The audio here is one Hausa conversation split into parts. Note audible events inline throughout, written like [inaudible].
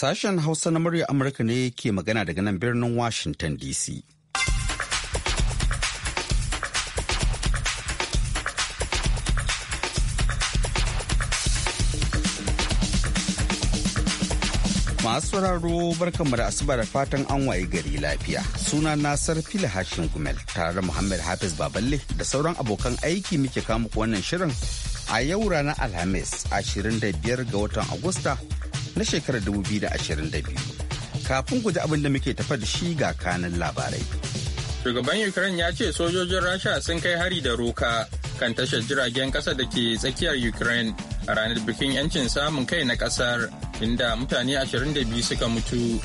Sashen Hausa na murya Amurka ne ke magana daga nan birnin Washington DC. Masu sauraro barkanmu da asuba da fatan an waye gari lafiya. Suna Nasar Fili Hashim Gumel tare Muhammad Hafiz Baballe da sauran abokan aiki muke kamu wannan shirin a yau ranar Alhamis 25 ga watan Agusta na shekarar 2022. Kafin guji abin da muke tafa da shi ga kanin labarai. Shugaban Ukraine ya ce sojojin Rasha sun kai hari da roka kan tashar jiragen ƙasa da ke tsakiyar Ukraine a ranar bikin 'yancin samun kai na ƙasar inda mutane ashirin 22 suka mutu.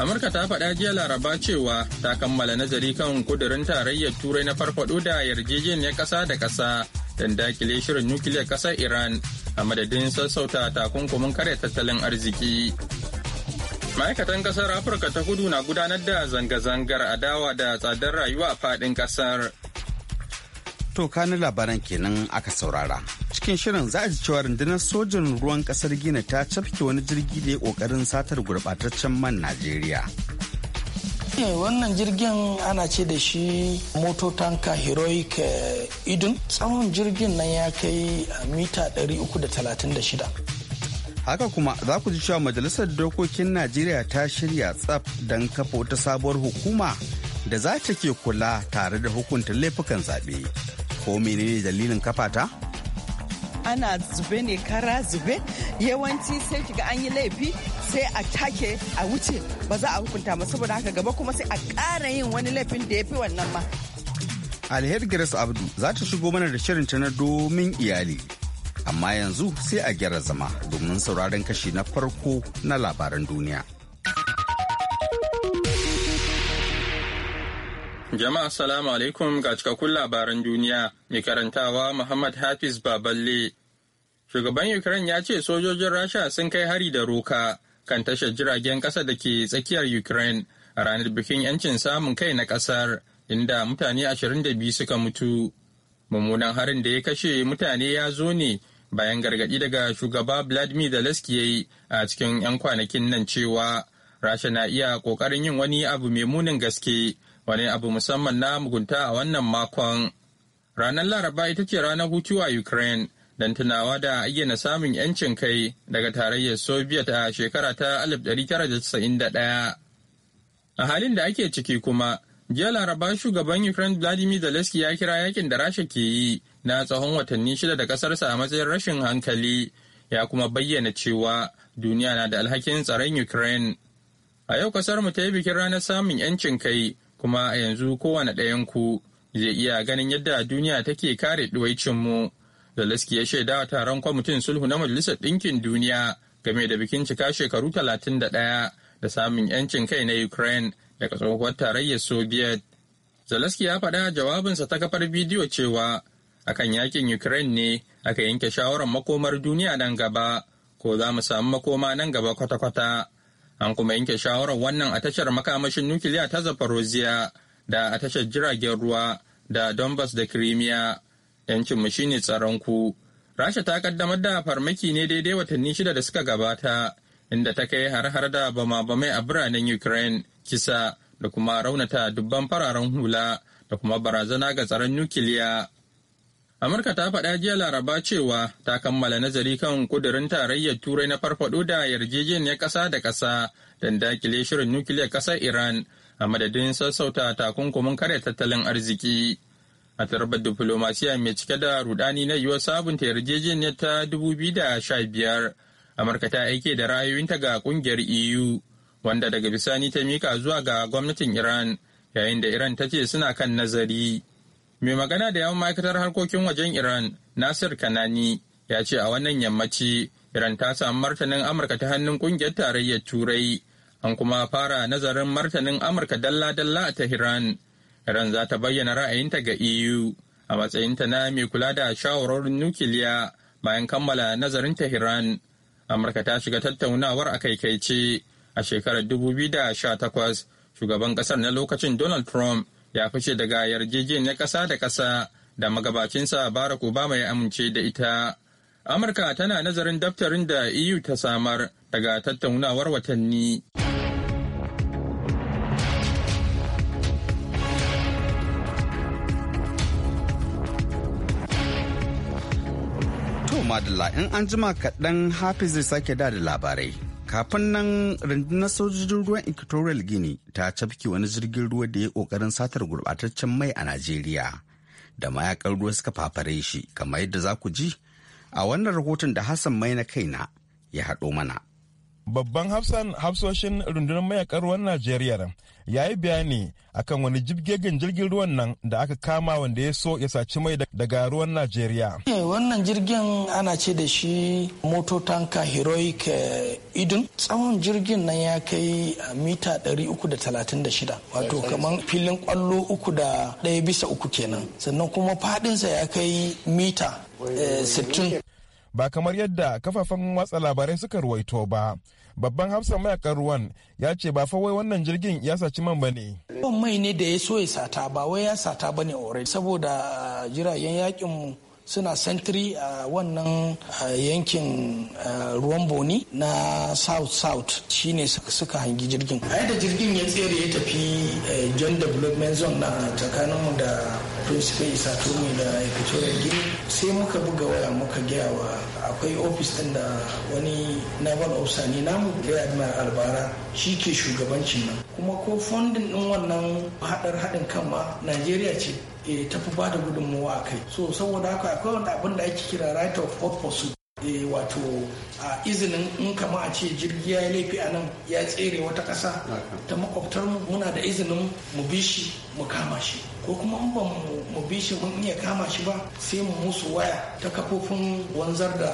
Amurka ta faɗa jiya Laraba cewa ta kammala nazari kan kudurin tarayyar Turai na farfaɗo da yarjejeniyar ƙasa da ƙasa don dakile shirin nukiliyar ƙasar Iran a madadin sassauta takunkumin karya tattalin arziki. Ma'aikatan kasar Afirka ta kudu na gudanar da zanga-zangar adawa da tsadar rayuwa a faɗin kasar. To kanin labaran kenan aka saurara. Cikin shirin za a ji cewa rundunar sojin ruwan kasar Gina ta cafke wani jirgi da ya ƙoƙarin satar gurɓataccen man Najeriya. Eh, wannan jirgin ana ce da shi mototanka heroic eh, idun tsawon jirgin nan ya kai eh, mita 336 haka kuma za ku ji cewa majalisar dokokin najeriya ta shirya tsaf don kafa wata sabuwar hukuma da za ta ke kula tare da hukunta laifukan zaɓe ko menene dalilin kafata? ana zube ne kara zube yawanci sai kiga an yi laifi sai a take a wuce ba za a hukunta ba saboda haka gaba kuma sai a ƙara yin wani laifin da ya fi wannan ma. Alheri Grace Abdu za ta shigo mana da shirin ta na domin iyali. Amma yanzu sai a gyara zama domin sauraron kashi na farko na labaran duniya. Jama'a salamu alaikum ga cikakkun labaran duniya mai karantawa Muhammad Hafiz Baballe. Shugaban Ukraine ya ce sojojin Rasha sun kai hari da roka kan tashar jiragen ƙasa da ke tsakiyar Ukraine a ranar bikin 'yancin samun kai na ƙasar inda mutane 22 suka mutu. Mummunan harin da ya kashe mutane ya zo ne bayan gargaɗi daga shugaba Vladimir Zelensky ya yi a cikin 'yan kwanakin nan cewa Rasha na iya ƙoƙarin yin wani abu mai munin gaske, wani abu musamman na mugunta a wannan makon. Ranar Laraba ita ce ranar hutu a Ukraine. don tunawa da ayyana samun 'yancin kai daga tarayyar soviet a shekara ta 1991 a halin da ake ciki kuma jiya laraba shugaban ukraine vladimir zelensky ya kira yakin da rasha ke yi na tsawon watanni shida da kasarsa a matsayin rashin hankali ya kuma bayyana cewa duniya na da alhakin tsaron ukraine a yau kasar mu ta yi bikin ranar samun 'yancin kai kuma a yanzu kowane ɗayan ku zai iya ganin yadda duniya take kare ɗuwaicin mu Zelensky ya shaida wa taron kwamitin sulhu na Majalisar Ɗinkin Duniya game da bikin cika shekaru 31 da samun 'yancin kai na Ukraine daga tsohuwar tarayyar Soviet. zalaski ya faɗa jawabinsa ta kafar bidiyo cewa akan yakin Ukraine ne aka yanke shawarar makomar duniya nan gaba ko za mu samu makoma nan gaba kwata-kwata. An kuma yanke shawarar wannan a tashar makamashin nukiliya ta Zaporozhye da a tashar jiragen ruwa da Donbass da Crimea. 'yancinmu shine tsaron ku. Rasha ta kaddamar da farmaki ne daidai watanni shida da suka gabata, inda ta kai har-har da bama-bamai a biranen Ukraine, kisa da kuma raunata dubban fararen hula da kuma barazana ga tsaron nukiliya. Amurka ta faɗa jiya Laraba cewa ta kammala nazari kan kudurin tarayyar Turai na farfaɗo da yarjejeniyar ƙasa da ƙasa don dakile shirin nukiliyar ƙasar Iran a madadin sassauta takunkumin karya tattalin arziki. a tarbar diplomasiya mai cike da rudani na yiwuwar sabunta yarjejeniyar ta 2015 amurka ta aike da ra'ayoyinta ga kungiyar eu wanda daga bisani ta mika zuwa ga gwamnatin iran yayin da iran ta ce suna kan nazari mai magana da yawan ma'aikatar harkokin wajen iran nasir kanani ya ce a wannan yammaci iran ta samu martanin amurka ta hannun kungiyar tarayyar turai an kuma fara nazarin martanin amurka dalla-dalla a tahiran. Iran za ta bayyana ra'ayinta ga EU a matsayinta na mai kula da shawarorin nukiliya bayan kammala nazarin Tehran. Amurka ta shiga tattaunawar a kaikaice a shekarar 2018 shugaban kasar na lokacin Donald Trump ya fice daga yarjejeniyar ƙasa da ƙasa da magabacinsa Barack Obama ya amince da ita. Amurka tana nazarin daftarin da EU ta samar daga tattaunawar watanni. madalla in an jima kaɗan hafiz zai sake da da labarai. Kafin nan rundunar sojojin ruwan Equatorial Guinea ta cafke wani jirgin ruwa da ya ƙoƙarin satar gurɓataccen mai a Najeriya. Da mayakan ruwa suka fafare shi kamar yadda za ku ji a wannan rahoton da Hassan mai na kaina ya haɗo mana. Babban hafsoshin rundunar mayakan ruwan Najeriya ya yi bayani akan wani jirgin jirgin ruwan nan da aka kama wanda ya so ya saci mai daga ruwan najeriya eh, wannan jirgin ana ce da shi mototanka heroic eh, idun tsawon jirgin nan ya kai eh, mita 336 wato kamar filin kwallo uku da ɗaya bisa uku kenan sannan kuma fadinsa ya kai mita 60 ba kamar yadda kafafen watsa labarai suka ruwaito ba babban hafsan mayakan ruwan ya ce ba fa wai wannan jirgin ya saci man ba ne. mai ne da ya so ya sata ba wai ya sata ba ne saboda ah, jiragen yakin mu suna sentry a wannan yankin ruwan boni na south south shine suka hangi jirgin a yadda jirgin ya tsere ya tafi eh, john development zone na tsakaninmu da prince bay da equatorial gini sai muka buga waya muka gaya wa akwai ofis din da wani naval officer ne namu da admiral albara shi ke shugabancin nan kuma ko fondin din wannan hadar haɗin kan ma najeriya ce Eh, tafi ba da gudunmawa a kai so saboda haka akwai wani abin da ake kira right of hot pursuit eh, wato a izinin in kama a ce jirgi ya yi laifi a nan ya tsere wata ƙasa ta makwabtar mu muna da izinin mu bi shi mu kama shi ko kuma in ba mu bi shi mun iya kama shi ba sai mu musu waya ta kafofin wanzar da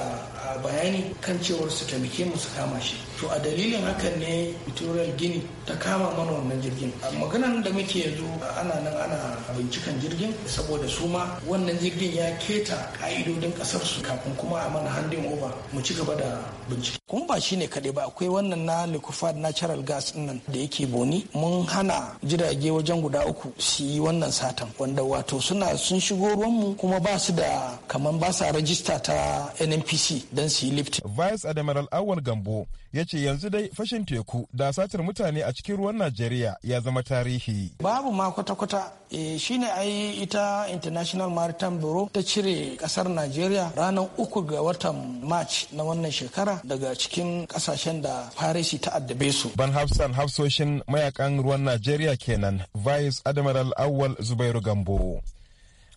bayani kan cewar su taimake mu su kama shi to a dalilin hakan ne mutuwar gini ta kama mana wannan jirgin maganan da muke yanzu ana nan ana bincikan jirgin saboda su ma wannan jirgin ya keta ka'idodin kasar su kafin kuma a mana handin over mu ci gaba da bincike kuma ba shine kaɗai ba akwai wannan na liquefied natural gas nan da yake boni mun hana jirage wajen guda uku su yi wannan satan wanda wato suna sun shigo ruwanmu kuma ba su da kamar ba sa rajista ta nnpc don su yi lift. Vice Admiral Awal Gambo ya ce yanzu dai fashin teku da satar mutane a cikin ruwan Najeriya ya zama tarihi. Babu ma kwata-kwata e, shine ai ita International Maritime Bureau ta cire kasar Najeriya ranar uku ga watan March na wannan shekara daga cikin kasashen da Farisi ta addabe su. Ban hafsan hafsoshin mayakan ruwan Najeriya kenan Vice Admiral Awal Zubairu Gambo.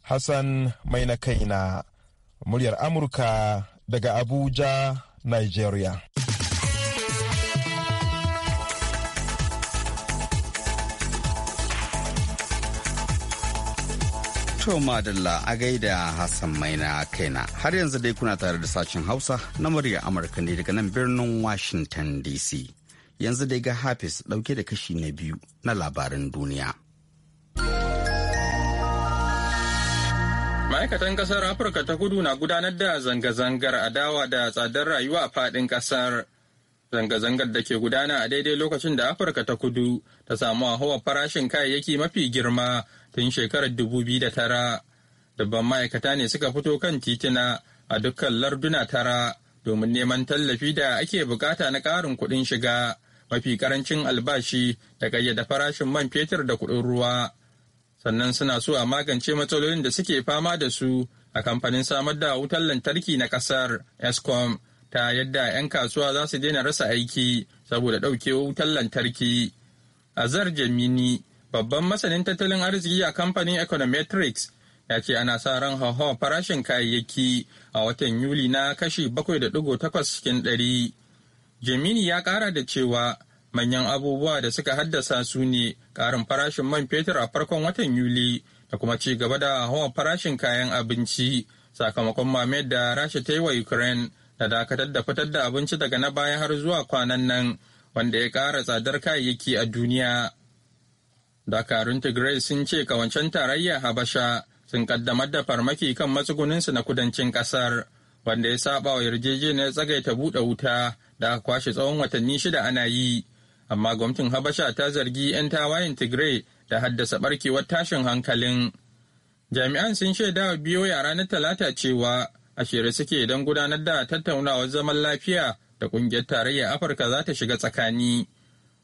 Hassan mai na kaina muryar Amurka daga Abuja, Nigeria. To Madalla a gaida Hassan Maina kaina har yanzu dai kuna tare da sashen Hausa na murya Amurka ne daga nan birnin Washington DC. Yanzu dai ga Hafiz dauke da kashi na biyu na labaran duniya. Ma'aikatan kasar Afirka ta kudu na gudanar da zanga-zangar adawa da tsadar rayuwa a faɗin kasar. Zanga-zangar da ke gudana a daidai lokacin da Afirka ta kudu ta samu hawa farashin kayayyaki mafi girma tun shekarar dubu biyu da tara. Dabban ma'aikata ne suka fito kan titina a dukkan larduna tara domin neman tallafi da ake bukata na ƙarin kuɗin shiga mafi ƙarancin albashi da gayyada farashin man fetur da kuɗin ruwa. sannan suna so a magance matsalolin da suke fama da su a kamfanin samar da wutar lantarki na kasar escom ta yadda 'yan kasuwa za su daina rasa aiki saboda ɗauke wutar lantarki azar jamini babban masanin tattalin arziki a kamfanin econometrics ya ce ana sa ran hauhawar farashin kayayyaki a watan yuli na kashi 7.8 cikin ɗari jamini ya ƙara da cewa manyan abubuwa da suka haddasa su ne ƙarin farashin man fetur a farkon watan yuli da kuma ci gaba da hawan farashin kayan abinci sakamakon mamayar da rasha ta yi wa ukraine da dakatar da fitar da abinci daga na baya har zuwa kwanan nan wanda ya kara tsadar kayayyaki a duniya dakarun tigray sun ce kawancen tarayya habasha sun kaddamar da farmaki kan matsuguninsu na kudancin kasar wanda ya saba wa yarjejeniyar tsagaita buɗe wuta da aka kwashe tsawon watanni shida ana yi amma gwamnatin habasha ta zargi 'yan tawayen tigray da haddasa barkewar tashin hankalin jami'an sun shaida wa biyo yara na talata cewa a shirye suke don gudanar da tattaunawar zaman lafiya da kungiyar tarayyar afirka za ta shiga tsakani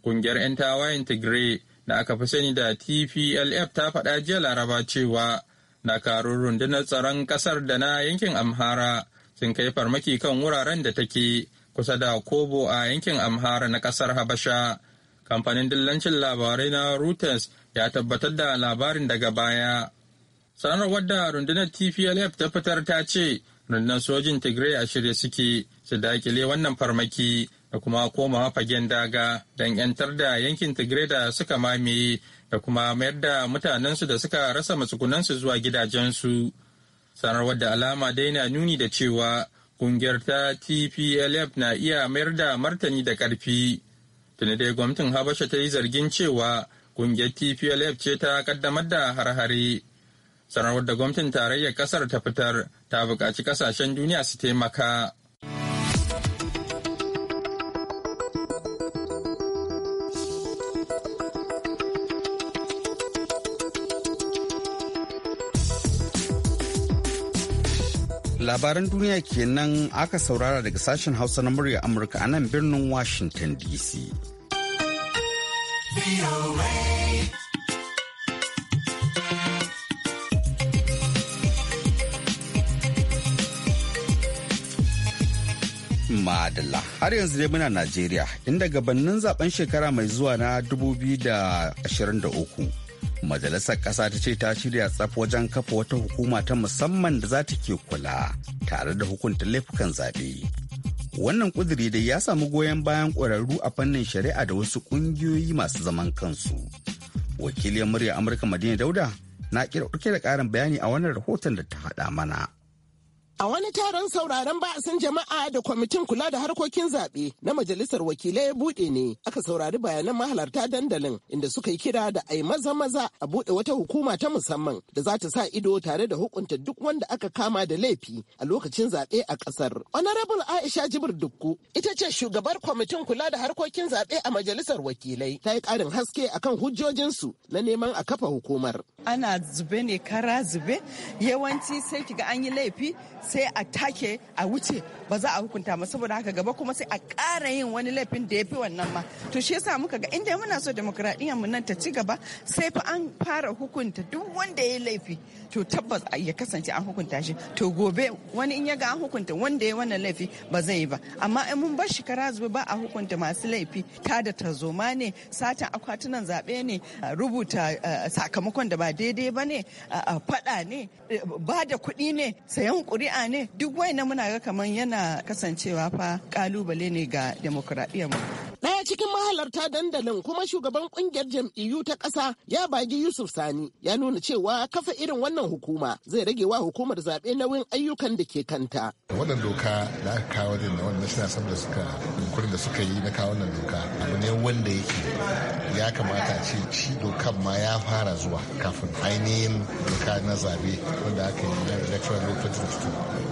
kungiyar 'yan tawayen tigray da aka fi sani da tplf ta faɗa jiya laraba cewa na karun rundunar tsaron ƙasar da na yankin amhara sun kai farmaki kan wuraren da take kusa da Kobo a yankin Amhara na ƙasar Habasha. Kamfanin dillancin labarai na Reuters ya tabbatar da labarin daga baya. Sanarwar da rundunar TPLF ta fitar ta ce rundunar sojin Tigray a shirye suke su dakile wannan farmaki da kuma komawa fagen daga don 'yantar da yankin Tigray da suka mamaye da kuma mayar da mutanensu da suka rasa matsugunansu zuwa gidajensu. Sanarwar da alama dai na nuni da cewa Ƙungiyar ta TPLF na iya mayar da martani da ƙarfi. Tuni dai gwamnatin Habasha ta yi zargin cewa ƙungiyar TPLF ce ta kaddamar da harhari Sanarwar da gwamnatin tarayyar ƙasar ta fitar ta buƙaci ƙasashen duniya su taimaka. labaran duniya kenan aka saurara daga sashen hausa na murya amurka a nan birnin washington dc Madalla. Har yanzu dai muna Najeriya, inda gabanin zaben shekara mai zuwa na 2023 majalisar ƙasa ta ce ta shirya tsaf wajen kafa wata hukuma ta musamman da za ta ke kula tare da hukunta laifukan zaɓe. Wannan ƙudiri dai ya samu goyon bayan ƙwararru a fannin shari'a da wasu ƙungiyoyi masu zaman kansu. Wakilin murya Amurka Madina Dauda na ƙirƙirar da ƙarin bayani a wannan rahoton da ta haɗa mana. A wani taron sauraron ba'asin jama'a da kwamitin kula da harkokin zaɓe na majalisar wakilai ya buɗe ne aka saurari bayanan mahalarta dandalin inda suka yi kira da yi maza maza a buɗe wata hukuma ta musamman da za ta sa ido tare da hukunta duk wanda aka kama da laifi a lokacin zaɓe a ƙasar. Honorable Aisha Jibir Dukku ita ce shugabar kwamitin kula da harkokin zaɓe a majalisar wakilai ta yi ƙarin haske akan hujjojinsu na neman a kafa hukumar. Ana zube ne kara zube yawanci sai kiga an yi laifi sai a take a wuce ba za a hukunta ba saboda haka gaba kuma sai a ƙara yin wani laifin da ya fi wannan ma to shi yasa muka ga inda muna so demokradiyyar mu nan ta ci gaba sai fa an fara hukunta duk wanda ya laifi to tabbas ya kasance an hukunta shi to gobe wani in ya ga an hukunta wanda ya wannan laifi ba zai yi ba amma in mun bar shi zuwa ba a hukunta masu laifi ta da tarzoma ne satan akwatunan zaɓe ne rubuta sakamakon da ba daidai ba ne faɗa ne ba da kuɗi ne sayan ƙuri'a shari'a ne duk waina muna ga kamar yana kasancewa fa kalubale ne ga demokuraɗiyyar mu. Daya cikin mahalarta dandalin kuma shugaban kungiyar jam'iyyu ta ƙasa ya bagi Yusuf Sani ya nuna cewa kafa irin wannan hukuma zai rage wa hukumar zaɓe nauyin ayyukan da ke kanta. Wannan doka da aka kawo wajen na wannan suna da suka da suka yi na kawo wannan doka abu ne wanda yake ya kamata ce ci dokan ma ya fara zuwa kafin ainihin doka na zabe wanda aka yi na electoral law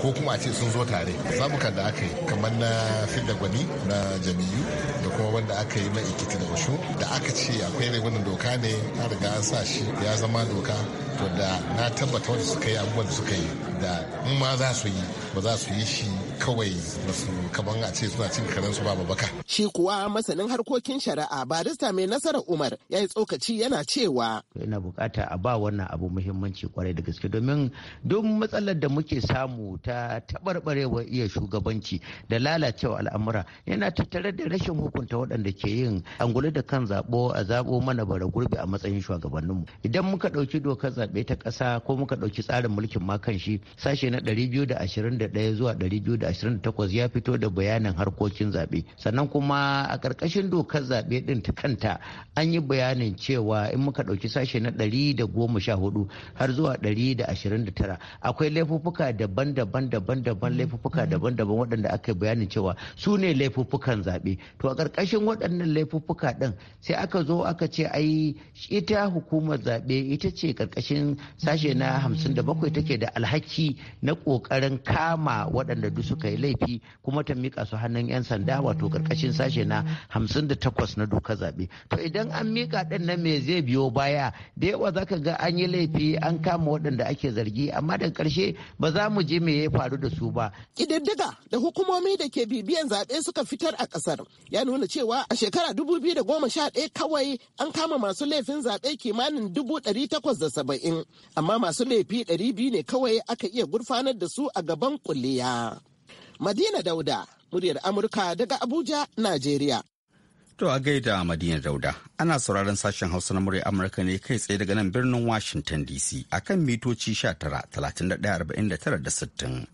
ko kuma a ce sun zo tare zabukan da aka yi kamar na fidda gwani na jami'u da kuma wanda aka yi na ikiti da washu da aka ce akwai ne wannan doka ne a riga an sa shi ya zama doka to da na tabbata wanda suka yi abubuwan da suka yi da in ma za su yi ba za su yi shi kawai basu kaban a ce suna cin karensu ba baka. Shi kuwa masanin harkokin shari'a barista mai nasarar Umar ya yi tsokaci yana cewa. Ina bukata a ba wannan abu muhimmanci kwarai da gaske domin duk matsalar da muke samu ta taɓarɓarewa iya shugabanci da lalacewa al'amura yana tattare da rashin hukunta waɗanda ke yin angulu da kan zaɓo a zaɓo mana bara gurbi a matsayin shugabanninmu. Idan muka ɗauki dokar zaɓe ta ƙasa ko muka ɗauki tsarin mulkin ma kan shi sashe na 221 zuwa 200 2028 ya fito da bayanin harkokin zaɓe sannan kuma a ƙarƙashin dokar zaɓe ɗin ta kanta an yi bayanin cewa in muka ɗauki sashe na 114 har zuwa 129 akwai laifuffuka daban-daban daban-daban laifuffuka mm. daban-daban waɗanda aka yi bayanin cewa su ne laifuffukan zaɓe to a ƙarƙashin waɗannan laifuffuka ɗin sai aka zo aka ce ai ita hukumar zaɓe ita ce ƙarƙashin sashe na 57 take da alhaki na ƙoƙarin kama waɗanda duk suka yi laifi kuma ta mika su hannun 'yan sanda wato karkashin sashe na hamsin da takwas na dokar zaɓe to idan an mika ɗin na me zai biyo baya da yawa za ka ga an yi laifi an kama waɗanda ake zargi amma da ƙarshe ba za mu je me ya faru da su ba. ƙididdiga da hukumomi da ke bibiyan zaɓe suka fitar a ƙasar ya nuna cewa a shekara da goma 2011 kawai an kama masu laifin zaɓe kimanin dubu ɗari da saba'in amma masu laifi ɗari biyu ne kawai aka iya gurfanar da su a gaban kulliya. Madina Dauda, muryar Amurka daga Abuja, Najeriya. To a gaida Madina Dauda, ana sauraron sashen Hausa na muryar Amurka ne kai tsaye daga nan birnin Washington DC akan mitoci 19 da sittin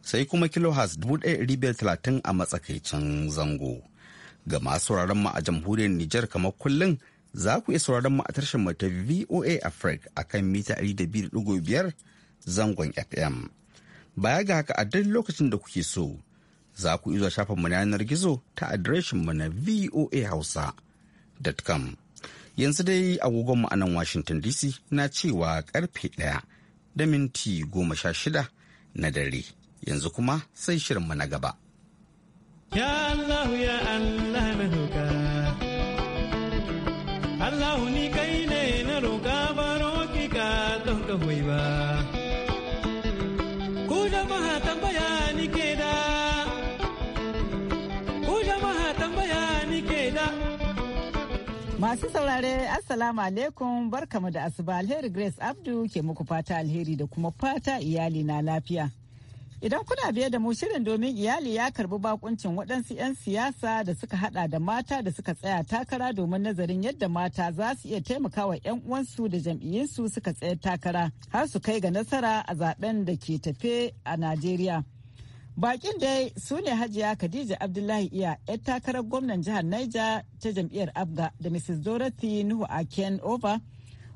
sai kuma kilohas 1530 a matsakaicin zango. Ga masu sauraron mu a jamhuriyar Nijar kamar kullum za ku iya sauraron mu a tashar mu ta VOA Africa akan mita 200.5 zangon FM. Baya ga haka a duk lokacin da kuke so, za ku izo shafa na yanar gizo ta adireshin mu na voahausa.com. Yanzu dai mu a nan Washington DC na cewa karfe ɗaya da minti goma sha shida na dare. Yanzu kuma sai mu na gaba. Ya ya Allah na Allah ni kai Masu saurare Assalamu alaikum barkamu da asuba alheri Grace Abdu ke muku fata alheri da kuma fata iyali na lafiya. Idan kuna biye da mu shirin domin iyali ya karbi bakuncin waɗansu 'yan siyasa da suka hada da mata da suka tsaya takara domin nazarin yadda mata za su iya taimakawa 'yan uwansu da jam'iyyinsu suka tsaya takara har su kai ga nasara a zaben da ke tafe a Najeriya. Bakin dai su ne Hajiya Khadija Abdullahi Iya, 'yar takarar gwamnan jihar Niger ta jam'iyyar Abga da Mrs. Dorothy Nuhu Aken Over,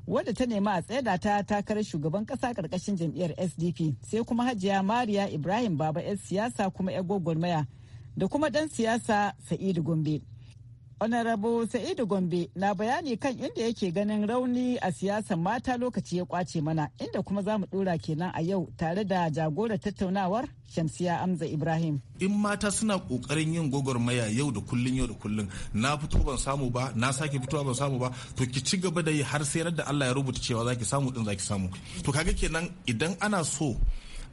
wadda ta nema a tsaida ta takarar shugaban kasa karkashin jam'iyyar SDP, sai kuma Hajiya Mariya Ibrahim Baba 'yar siyasa kuma 'yar gwagwarmaya da kuma ɗan siyasa Sa'idu Gombe. Honorable Sa'idu Gombe na bayani kan inda yake ganin rauni a siyasar mata lokaci ya kwace mana inda kuma zamu mu dora kenan a yau tare da jagorar tattaunawar Shamsiya Amza Ibrahim. In mata suna kokarin yin gwagwarmaya yau da kullun yau da kullun na fito ban samu ba na sake fitowa ban samu ba to ki ci gaba da yi har sai da Allah ya rubuta cewa zaki samu din zaki samu. To kaga kenan idan ana so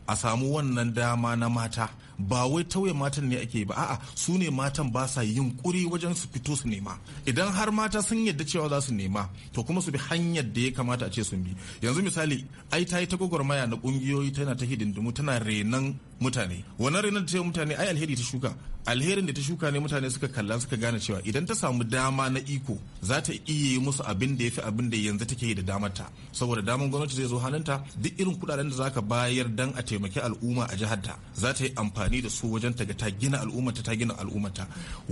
a samu wannan dama na mata ba wai tauye matan ne ake ba a'a su ne matan ba sa yin kuri wajen su fito su nema idan har mata sun yadda cewa za su nema to kuma su bi hanyar da ya kamata a ce sun bi yanzu misali ai ta yi ta gwagwarmaya na kungiyoyi tana ta hidindimu tana renan mutane wannan renan da ta yi mutane ai alheri ta shuka alherin da ta shuka ne mutane suka kalla suka gane cewa idan ta samu dama na iko za ta iya yi musu abin da ya fi abin da yanzu take yi da damar ta saboda damar gwamnati zai zo hannunta duk irin kudaden da zaka bayar dan a taimaki al'umma a jihar ta za ta yi amfani da su wajen ta ta gina al'ummata ta gina al'ummata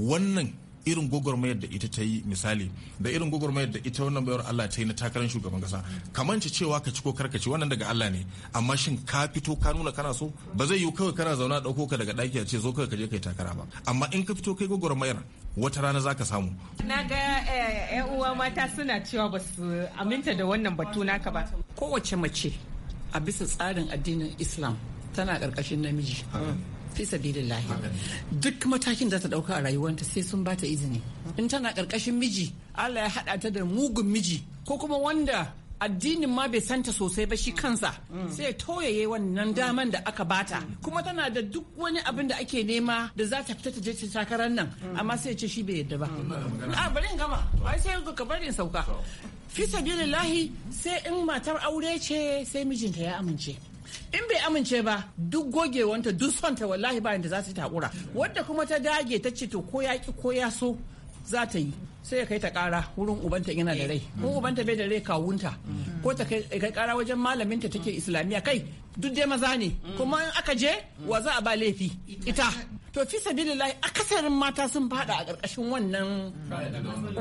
wannan irin gwagwarmayar da ita ta yi misali da irin gwagwarmayar da ita wannan bayar Allah ta yi na takarar shugaban kasa kamar ci cewa ka ci ko ka ci wannan daga Allah ne amma shin ka fito ka nuna kana so ba zai yi kawai kana zauna dauko ka daga daki a ce zo kawai ka je kai takara ba amma in ka fito kai gwagwarmayar wata rana zaka samu na ga yan eh, uwa mata suna cewa ba su aminta da wannan batu naka ba kowace mace a bisa tsarin addinin islam tana ƙarƙashin namiji fi sabilillahi duk matakin da ta ɗauka a rayuwanta sai sun bata izini in tana ƙarƙashin miji allah ya haɗa ta da mugun miji ko kuma wanda addinin ma bai santa sosai ba shi kansa sai tauyaye wannan daman da aka bata kuma tana da duk wani abin da ake nema da za ta fita ta je ta takarar nan amma sai ce shi bai yadda ba a bari in gama ai sai ka bari in sauka fi sabilillahi sai in matar aure ce sai mijinta ya amince in bai amince ba duk gogewanta duk ta wallahi ba da za su takura wadda kuma ta dage ta ce to ko ya ki ko ya so za ta yi sai ya kai ta kara wurin ubanta yana da rai mm. ko ubanta bai da rai kawunta mm. ko ta kai kara wajen malaminta take islamiyya kai duk dai maza ne mm. kuma in aka je wa za a ba laifi ita to fi sabilillahi akasarin mata sun fada a karkashin wannan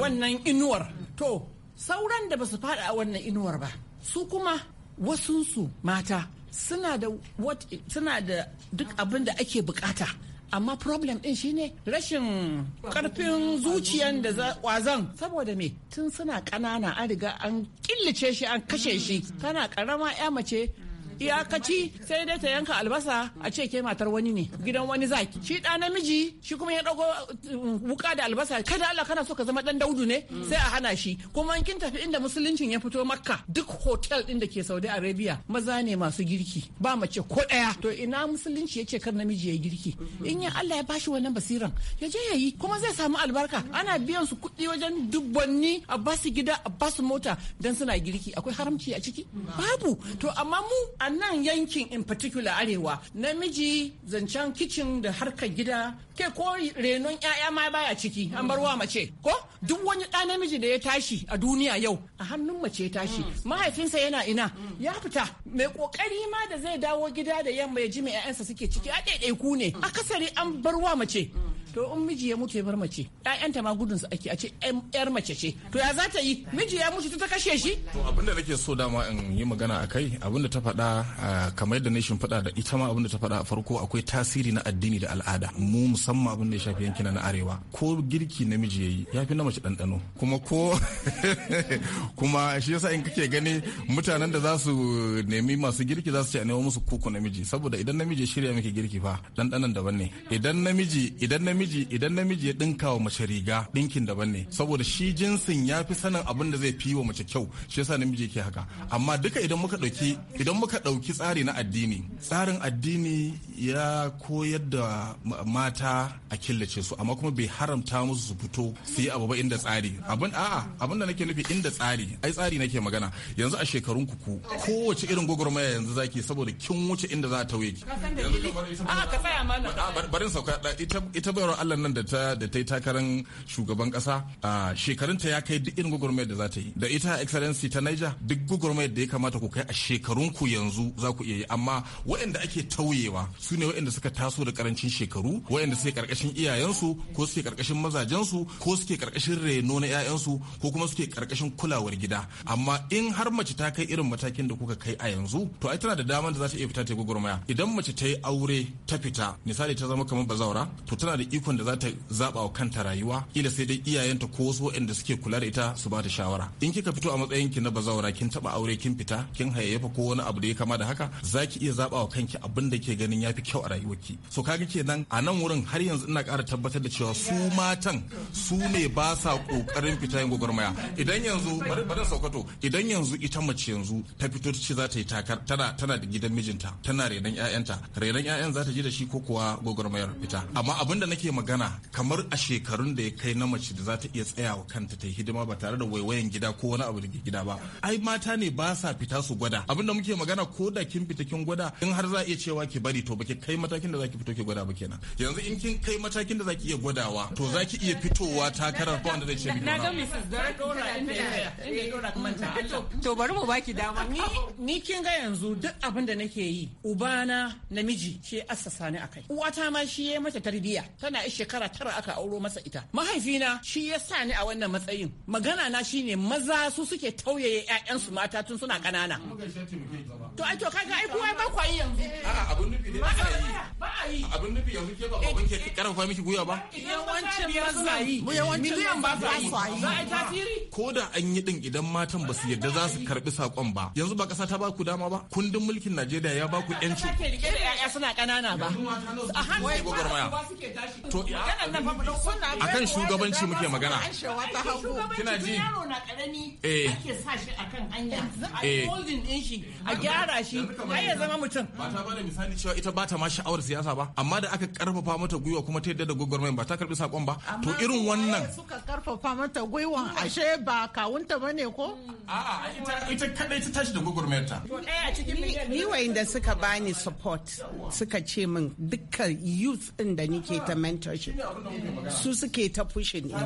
wannan inuwar to sauran da ba su fada a wannan inuwar ba su kuma wasunsu mata suna da duk abin da ake bukata amma problem din shine rashin karfin zuciyan da kwazon saboda me tun suna kanana an riga an killace shi an kashe shi tana karama ya mace iyakaci sai dai ta yanka albasa a ce ke matar wani ne gidan wani zaki shi da namiji shi kuma ya dago um, wuka da albasa kada Allah kana so ka zama dan daudu ne sai a hana shi kuma kin tafi inda musuluncin ya fito makka duk hotel din da ke Saudi Arabia maza ne masu girki ba mace ko daya to ina musulunci yace kar namiji ya girki in ya Allah ya bashi wannan basiran ya je yayi kuma zai samu albarka ana biyan su kuɗi wajen dubbanni a basu gida a basu mota dan suna girki akwai haramci a ciki babu to amma mu a nan yankin in particular arewa namiji zancen kicin da harkar gida ke ko renon 'ya'ya ma baya ciki an barwa mace ko duk wani ɗa namiji da ya tashi a duniya yau a hannun mace ya tashi mm. mahaifinsa yana ina mm. ya fita mai kokari ma da zai dawo gida da yamma ya ji mai 'ya'yansa suke ciki a ɗaiɗaiku ne mm. akasari an barwa mace to in miji ya mutu ya bar mace ƴaƴanta ma gudun su ake a ce ƴar mace ce to ya za ta yi miji ya mutu ta kashe shi to abinda nake so dama in yi magana akai abinda ta faɗa kamar yadda nation faɗa da ita ma abinda ta faɗa a farko akwai tasiri na addini da al'ada mu musamman abinda ya shafi yankina na arewa ko girki namiji yi ya fi na mace ɗanɗano kuma ko [laughs] kuma shi yasa in kake gani mutanen da za su nemi masu girki za su ce a nemo musu kuku namiji saboda idan namiji shirya miki girki fa ɗanɗanon daban ne idan namiji namiji idan namiji ya dinka wa mace riga dinkin daban ne saboda shi jinsin ya fi sanin abin da zai fi wa mace kyau shi yasa namiji yake haka amma duka idan muka dauki idan muka dauki tsari na addini tsarin addini ya koyar da mata a killace su amma kuma bai haramta musu su fito su yi abu ba inda tsari abin a'a abin da nake nufi inda tsari ai tsari nake magana yanzu a shekarun ku kowace irin gwagwarmaya yanzu zaki saboda kin wuce inda za a tauye ki ah, barin sauka ita ita bayar gwagwarmayar allah nan da ta da ta yi takarar shugaban kasa a ta ya kai duk irin gwagwarmayar da za ta yi da ita excellency ta niger duk gwagwarmayar da ya kamata ku kai a shekarun ku yanzu za ku iya yi amma waɗanda ake tauyewa su ne waɗanda suka taso da karancin shekaru waɗanda suke karkashin iyayensu ko suke karkashin mazajensu ko suke karkashin reno na 'ya'yansu ko kuma suke karkashin kulawar gida amma in har mace ta kai irin matakin da kuka kai a yanzu to ai tana da damar da za ta iya fita ta gwagwarmaya idan mace ta yi aure ta fita misali ta zama kamar bazaura to tana da ikon da za ta zaba wa kanta rayuwa kila sai dai iyayenta ko wasu waɗanda suke kula da ita su ba ta shawara in kika fito a matsayin na bazawara kin taba aure kin fita kin hayayyafa ko wani abu da ya kama da haka za ki iya zaba wa kanki abin da ke ganin yafi kyau a rayuwarki so kaga kenan a nan wurin har yanzu ina ƙara tabbatar da cewa su matan su ne ba sa ƙoƙarin fita yin gwagwarmaya idan yanzu bari saukato idan yanzu ita mace yanzu ta fito ta ce za ta yi takar tana tana da gidan mijinta tana renon 'ya'yanta renon 'ya'yan za ta ji da shi ko kuwa gwagwarmayar fita amma abin da nake kake magana kamar a shekarun da ya kai na mace da za ta iya tsayawa kanta ta yi hidima ba tare da waiwayen gida ko wani abu ke gida ba ai mata ne ba sa fita su gwada abinda muke magana ko da kin fita kin gwada in har za a iya cewa ki bari to baki kai matakin da zaki fito ki gwada ba kenan yanzu in kin kai matakin da zaki iya gwadawa to zaki iya fitowa takarar ba wanda zai ce na ga Mrs. Dora to bari mu baki dama ni ni kin ga yanzu duk abin da nake yi ubana namiji shi assasa ni akai uwata ma shi ya mata tarbiyya yana yi shekara tara aka auro masa ita mahaifina shi ya sa ni a wannan matsayin magana na shine maza su suke tauyaye su mata tun suna ƙanana to ai to kaga ai kowa ba kwayi yanzu a'a abun nufi ne ba a yi abun nufi yanzu ke ba baban ke karfafa miki guya ba yawancin maza yi miliyan ba za yi za a tasiri ko da an yi din idan matan ba su yarda za su karbi sakon ba yanzu ba kasa ta ba ku dama ba kundin mulkin Najeriya ya ba ku yanci ba suna ƙanana ba a hannun ba suke tashi to akan shugabanci muke magana kina ji yaro na karami eh. ake sa shi akan hanya a holding eh. din shi a gyara shi ai ya zama mutum ba ta bada misali cewa ita ba ta ma sha'awar siyasa ba amma da aka karfafa mata gwiwa kuma ta yadda da gwagwarmayin ba ta karbi sakon ba to irin wannan suka karfafa mata gwiwa ashe ba kawunta bane ko a'a ita kadai ta tashi da gwagwarmayar ta ni da suka bani support suka ce min dukkan youth din da nike ta yan su suke ta pushing din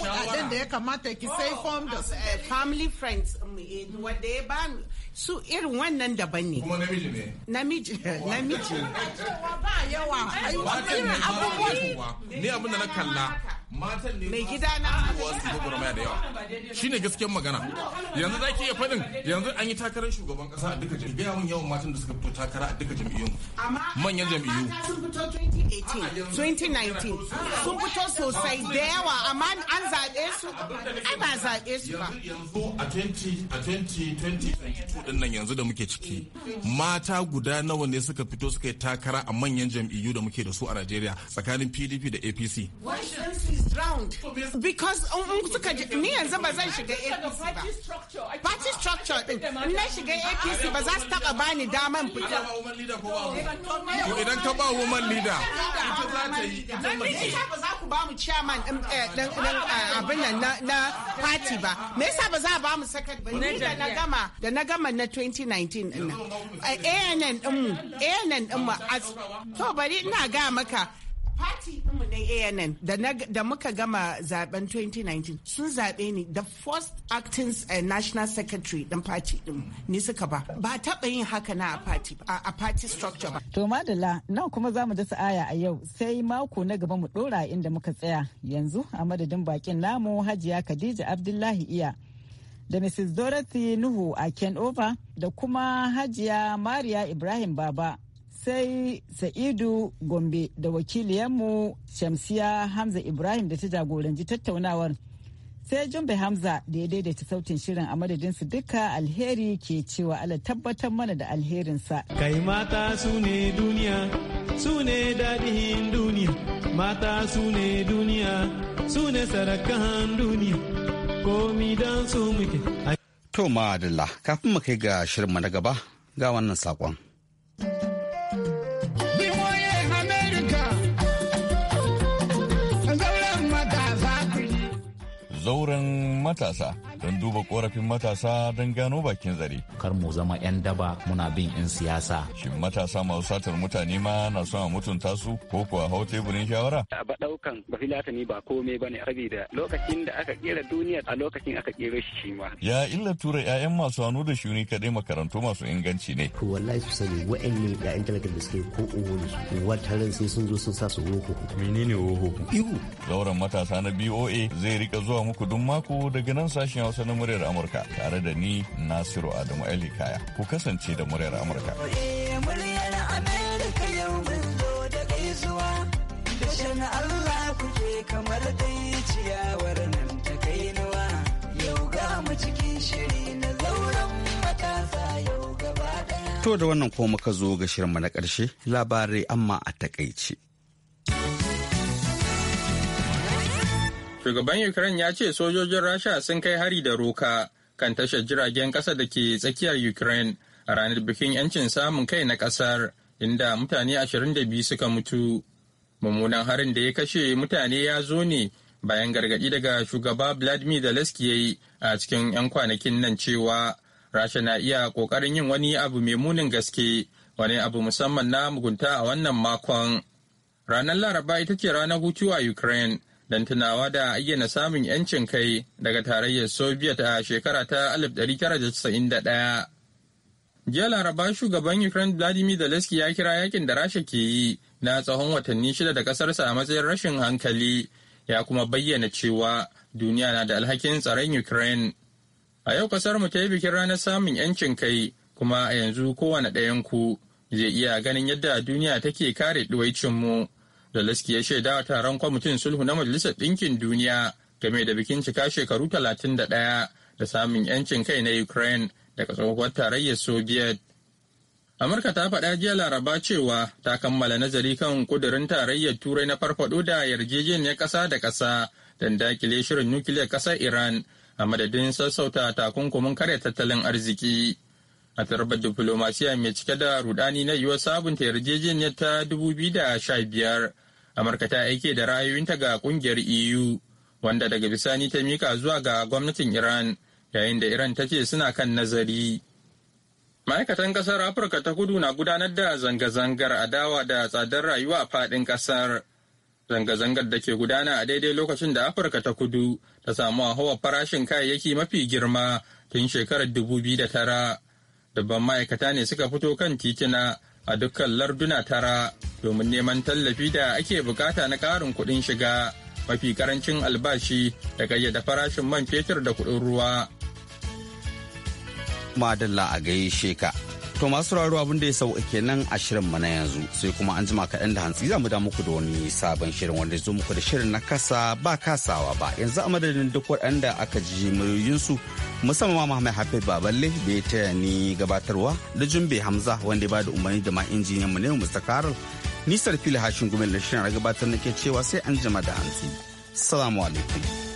kudaden da ya kamata ki oh, sai form da eh, family friends um, eh, wanda ya su irin wannan daban ne namiji namiji [laughs] ba yawa ne abin da na kalla mai gida na wasu gwagwarmaya da yawa shine gaskiyar magana yanzu za ki iya faɗin yanzu an yi takarar shugaban kasa a duka jam'iyyu yawan yawan matan da suka fito takara a duka jam'iyyun manyan jam'iyyu sun fito 2019 sun fito sosai da yawa amma an zaɓe su ana zaɓe su ba yanzu a 2022 din nan yanzu da muke ciki mata guda nawa ne suka fito suka yi takara a manyan jam'iyyu da muke da su a Najeriya tsakanin PDP da APC ground because um, um, suka ni yanzu ba zan shiga APC ba party structure din in na shiga APC ba za su taba bani daman fita idan ka ba woman leader ita za ta yi ita ba za ku ba mu chairman um, eh, din ah, abin nan na party ba me yasa ba za a ba mu second ba ni da na gama da na gama na 2019 din nan ANN din mu ANN din mu to bari ina ga maka party ann da muka gama zaben 2019 sun zaɓe ni the first acting eh, national secretary ɗin party din ni suka ba ba taɓa yin haka na a party a party structure ba to madalla nan kuma zamu mu da sa'aya a yau sai mako na gaba mu ɗora inda muka tsaya yanzu a madadin bakin namu hajiya khadija abdullahi iya da Mrs. Dorothy Nuhu a Kenova da kuma Hajiya Mariya Ibrahim Baba sai sa'idu gombe da wakiliyanmu shamsiya hamza ibrahim da ta jagoranci tattaunawar sai jumbe hamza da ya daidaita sautin shirin a madadinsu duka alheri ke cewa ala tabbatar mana da alherinsa kai mata su ne duniya su ne daɗin duniya mata su ne duniya su ne sarakan duniya komi don su muke to ma kafin mu kai ga shirin na gaba ga wannan saƙon zauren matasa don duba korafin matasa don gano bakin zare. Kar mu zama 'yan daba muna bin 'yan siyasa. Shin matasa masu satar mutane ma na son a mutunta su ko kuwa hau teburin shawara? A ba ɗaukan ba ba komai ba ne saboda lokacin da aka kera duniya a lokacin aka kera shi shi ma. Ya illa tura 'ya'yan masu hannu da shuni kadai makarantu masu inganci ne. Ko wallahi su sani 'ya'yan talakar da suke ko uwani su sai sun zo sun sa su woho. Menene woho? Ihu. Zauren matasa na BOA zai rika zuwa muku duk mako daga nan sashen Hausa na muryar Amurka tare da ni Nasiru Adamu Ali Kaya. Ku kasance da muryar Amurka. yau Allah kuke kamar dai ciyawar nan ta kainuwa yau ga mu cikin shiri na zauren matasa yau gaba To da wannan ko muka zo ga shirinmu na ƙarshe labarai amma a takaice. Shugaban Ukraine ya ce sojojin Rasha sun kai hari da roka kan tashar jiragen kasa da ke tsakiyar Ukraine a ranar bikin 'yancin samun kai na kasar inda mutane 22 suka mutu. Mummunan harin da ya kashe mutane ya zo ne bayan gargaɗi daga shugaba Vladimir Zelensky ya yi a cikin 'yan kwanakin nan cewa Rasha na iya ƙoƙarin yin wani abu mai munin gaske wani abu musamman na mugunta a wannan makon. Ranar Laraba ita ce ranar hutu a Ukraine don tunawa da ayyana samun 'yancin kai daga tarayyar Soviet a shekara ta 1991. Jiya Laraba shugaban Ukraine Vladimir Zelensky ya kira yakin da Rasha ke yi na tsawon watanni shida da kasarsa a matsayin rashin hankali, ya kuma bayyana cewa duniya na da alhakin tsaron Ukraine. A yau mu ta yi bikin ranar samun 'yancin kai, kuma a yanzu kowane ɗayan ku zai iya ganin yadda duniya take kare ɗuwaicinmu. mu. laski ya shaida a taron kwamitin sulhu na Majalisar Ɗinkin Duniya game da bikin cika shekaru 31 da samun 'yancin kai na Ukraine daga tsohuwar tarayyar Soviet. Amurka ta faɗa jiya Laraba cewa ta kammala nazari kan kudurin tarayyar Turai na farfaɗo da yarjejeniyar ƙasa da ƙasa don dakile shirin nukiliyar ƙasar Iran a madadin sassauta takunkumin karya tattalin arziki. a tarbar diflomasiya mai cike da rudani na yiwuwar sabunta yarjejeniyar ta 2015 amurka ta aike da ra'ayoyinta ga kungiyar eu wanda daga bisani ta mika zuwa ga gwamnatin iran yayin da iran ta ce suna kan nazari ma'aikatan kasar afirka ta kudu na gudanar da zanga-zangar adawa da tsadar rayuwa a fadin kasar zanga-zangar da ke gudana a daidai lokacin da afirka ta kudu ta samu hawa farashin kayayyaki mafi girma tun shekarar 2009 dubban ma'aikata ne suka fito kan titina a dukkan larduna tara domin neman tallafi da ake bukata na karin kuɗin shiga mafi karancin albashi da gayyada farashin man fetur da kuɗin ruwa. Madalla a gaishe ka To masu raro abin da ya sauka kenan a shirin mana yanzu sai kuma an jima kaɗan da hantsi za mu da muku da wani sabon shirin wanda zo muku da shirin na kasa ba kasawa ba yanzu a madadin duk waɗanda aka ji muryoyinsu musamman ma Muhammad Hafiz Baballe da ya taya ni gabatarwa da Jumbe Hamza wanda ya bada umarni da ma injiniyan mu ne Mr. Karl Nisar Fili Hashin Gumel da shirin gabatar nake cewa sai an jima da hantsi. Assalamu alaikum.